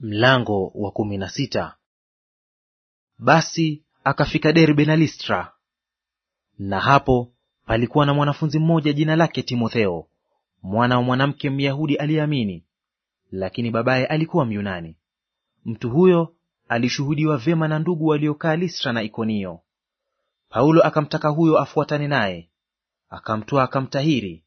Mlango wa kumi na sita. Basi akafika Derbe na Listra. Na hapo palikuwa na mwanafunzi mmoja jina lake Timotheo, mwana wa mwanamke Myahudi aliyeamini, lakini babaye alikuwa Myunani. Mtu huyo alishuhudiwa vyema na ndugu waliokaa Listra na Ikonio. Paulo akamtaka huyo afuatane naye, akamtoa akamtahiri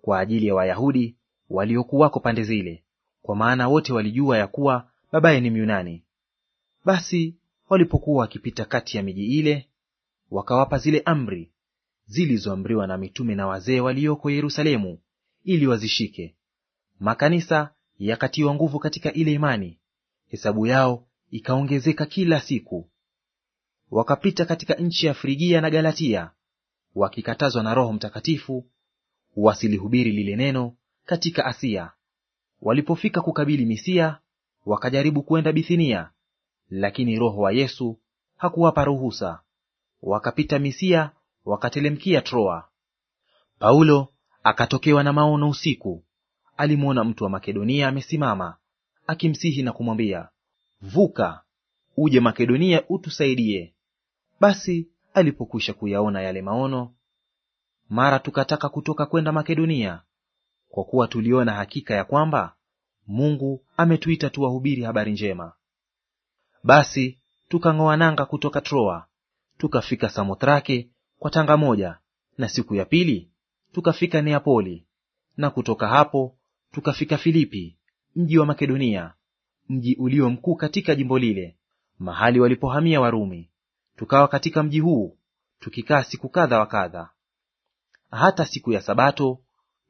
kwa ajili ya Wayahudi waliokuwako pande zile, kwa maana wote walijua ya kuwa babaye ni Myunani. Basi walipokuwa wakipita kati ya miji ile, wakawapa zile amri zilizoamriwa na mitume na wazee walioko Yerusalemu ili wazishike. Makanisa yakatiwa nguvu katika ile imani, hesabu yao ikaongezeka kila siku. Wakapita katika nchi ya Frigia na Galatia, wakikatazwa na Roho Mtakatifu wasilihubiri lile neno katika Asia. Walipofika kukabili Misia, wakajaribu kwenda Bithinia, lakini Roho wa Yesu hakuwapa ruhusa. Wakapita Misia, wakatelemkia Troa. Paulo akatokewa na maono usiku, alimwona mtu wa Makedonia amesimama akimsihi na kumwambia, vuka uje Makedonia utusaidie. Basi alipokwisha kuyaona yale maono, mara tukataka kutoka kwenda Makedonia, kwa kuwa tuliona hakika ya kwamba Mungu ametuita tuwahubiri habari njema. Basi tukang'oa nanga kutoka Troa, tukafika Samothrake kwa tanga moja, na siku ya pili tukafika Neapoli, na kutoka hapo tukafika Filipi, mji wa Makedonia, mji ulio mkuu katika jimbo lile, mahali walipohamia Warumi. Tukawa katika mji huu tukikaa siku kadha wa kadha. Hata siku ya Sabato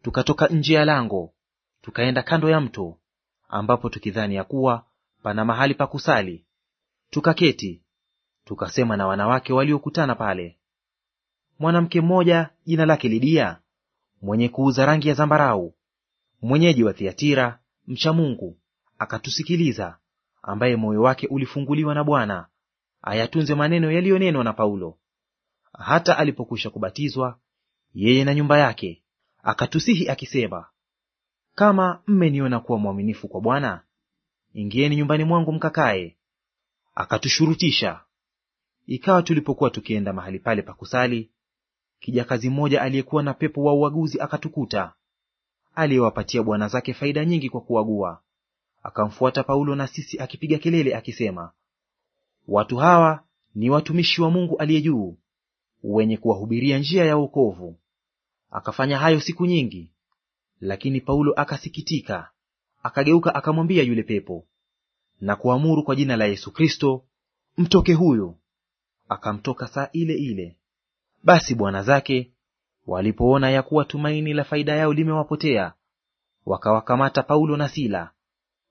tukatoka nje ya lango, tukaenda kando ya mto ambapo tukidhani ya kuwa pana mahali pa kusali, tukaketi tukasema na wanawake waliokutana pale. Mwanamke mmoja jina lake Lidia, mwenye kuuza rangi ya zambarau, mwenyeji wa Thiatira, mcha Mungu, akatusikiliza, ambaye moyo wake ulifunguliwa na Bwana ayatunze maneno yaliyonenwa na Paulo. Hata alipokwisha kubatizwa yeye na nyumba yake, akatusihi akisema, kama mmeniona kuwa mwaminifu kwa Bwana, ingieni nyumbani mwangu mkakae. Akatushurutisha. Ikawa tulipokuwa tukienda mahali pale pa kusali, kijakazi mmoja aliyekuwa na pepo wa uaguzi akatukuta, aliyewapatia bwana zake faida nyingi kwa kuagua. Akamfuata Paulo na sisi akipiga kelele akisema, watu hawa ni watumishi wa Mungu aliye juu, wenye kuwahubiria njia ya wokovu. Akafanya hayo siku nyingi, lakini Paulo akasikitika, akageuka akamwambia yule pepo, na kuamuru kwa jina la Yesu Kristo, mtoke huyu. Akamtoka saa ile ile. Basi bwana zake walipoona ya kuwa tumaini la faida yao limewapotea, wakawakamata Paulo na Sila,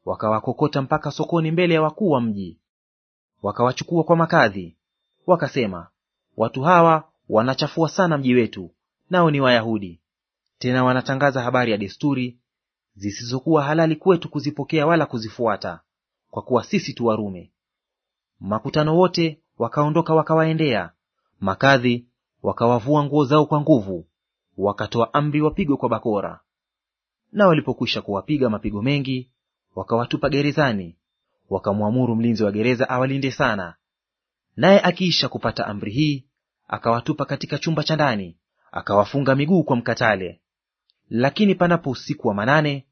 wakawakokota mpaka sokoni mbele ya wakuu wa mji, wakawachukua kwa makadhi. Wakasema, watu hawa wanachafua sana mji wetu, nao ni Wayahudi, tena wanatangaza habari ya desturi zisizokuwa halali kwetu kuzipokea wala kuzifuata, kwa kuwa sisi tu warume Makutano wote wakaondoka wakawaendea makadhi, wakawavua nguo zao kwa nguvu, wakatoa amri wapigwe kwa bakora. Na walipokwisha kuwapiga mapigo mengi, wakawatupa gerezani, wakamwamuru mlinzi wa gereza awalinde sana. Naye akiisha kupata amri hii, akawatupa katika chumba cha ndani, akawafunga miguu kwa mkatale. Lakini panapo usiku wa manane,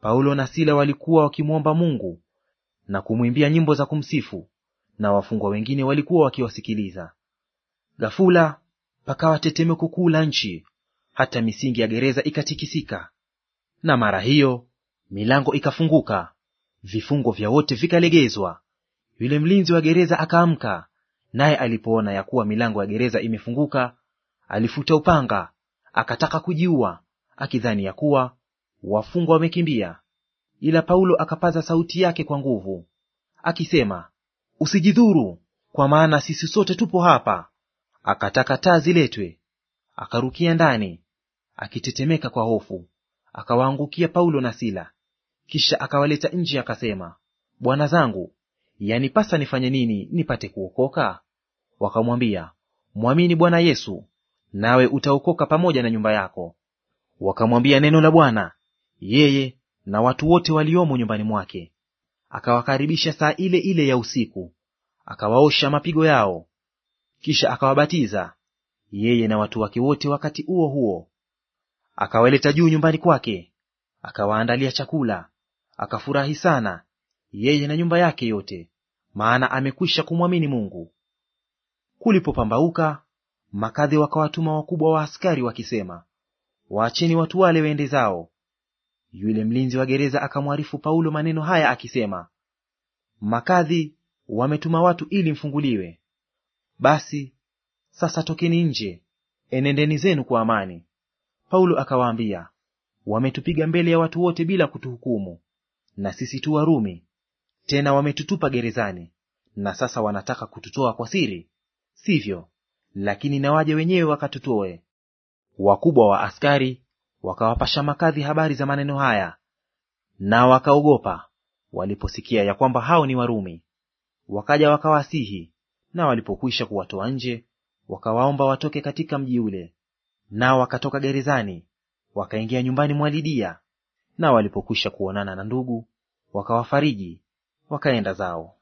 Paulo na Sila walikuwa wakimwomba Mungu na kumwimbia nyimbo za kumsifu, na wafungwa wengine walikuwa wakiwasikiliza. Ghafula pakawa tetemeko kuu la nchi, hata misingi ya gereza ikatikisika, na mara hiyo milango ikafunguka, vifungo vya wote vikalegezwa. Yule mlinzi wa gereza akaamka, naye alipoona ya kuwa milango ya gereza imefunguka, alifuta upanga akataka kujiua, akidhani ya kuwa wafungwa wamekimbia. Ila Paulo akapaza sauti yake kwa nguvu akisema, usijidhuru, kwa maana sisi sote tupo hapa. Akataka taa ziletwe, akarukia ndani akitetemeka kwa hofu, akawaangukia Paulo na Sila. Kisha akawaleta nje, akasema, Bwana zangu, yanipasa nifanye nini nipate kuokoka? Wakamwambia, mwamini Bwana Yesu, nawe utaokoka pamoja na nyumba yako. Wakamwambia neno la Bwana, yeye na watu wote waliomo nyumbani mwake. Akawakaribisha saa ile ile ya usiku, akawaosha mapigo yao, kisha akawabatiza yeye na watu wake wote wakati huo huo. Akawaleta juu nyumbani kwake, akawaandalia chakula, akafurahi sana, yeye na nyumba yake yote, maana amekwisha kumwamini Mungu. Kulipopambauka, makadhi wakawatuma wakubwa wa askari wakisema, waacheni watu wale waende zao. Yule mlinzi wa gereza akamwarifu Paulo maneno haya akisema, makadhi wametuma watu ili mfunguliwe. Basi sasa tokeni nje, enendeni zenu kwa amani. Paulo akawaambia, wametupiga mbele ya watu wote bila kutuhukumu, na sisi tu Warumi; tena wametutupa gerezani, na sasa wanataka kututoa kwa siri? Sivyo, lakini na waja wenyewe wakatutoe wakubwa wa askari wakawapasha makadhi habari za maneno haya, na wakaogopa waliposikia ya kwamba hao ni Warumi. Wakaja wakawasihi, na walipokwisha kuwatoa nje, wakawaomba watoke katika mji ule. na wakatoka gerezani, wakaingia nyumbani mwa Lidia, na walipokwisha kuonana na ndugu, wakawafariji, wakaenda zao.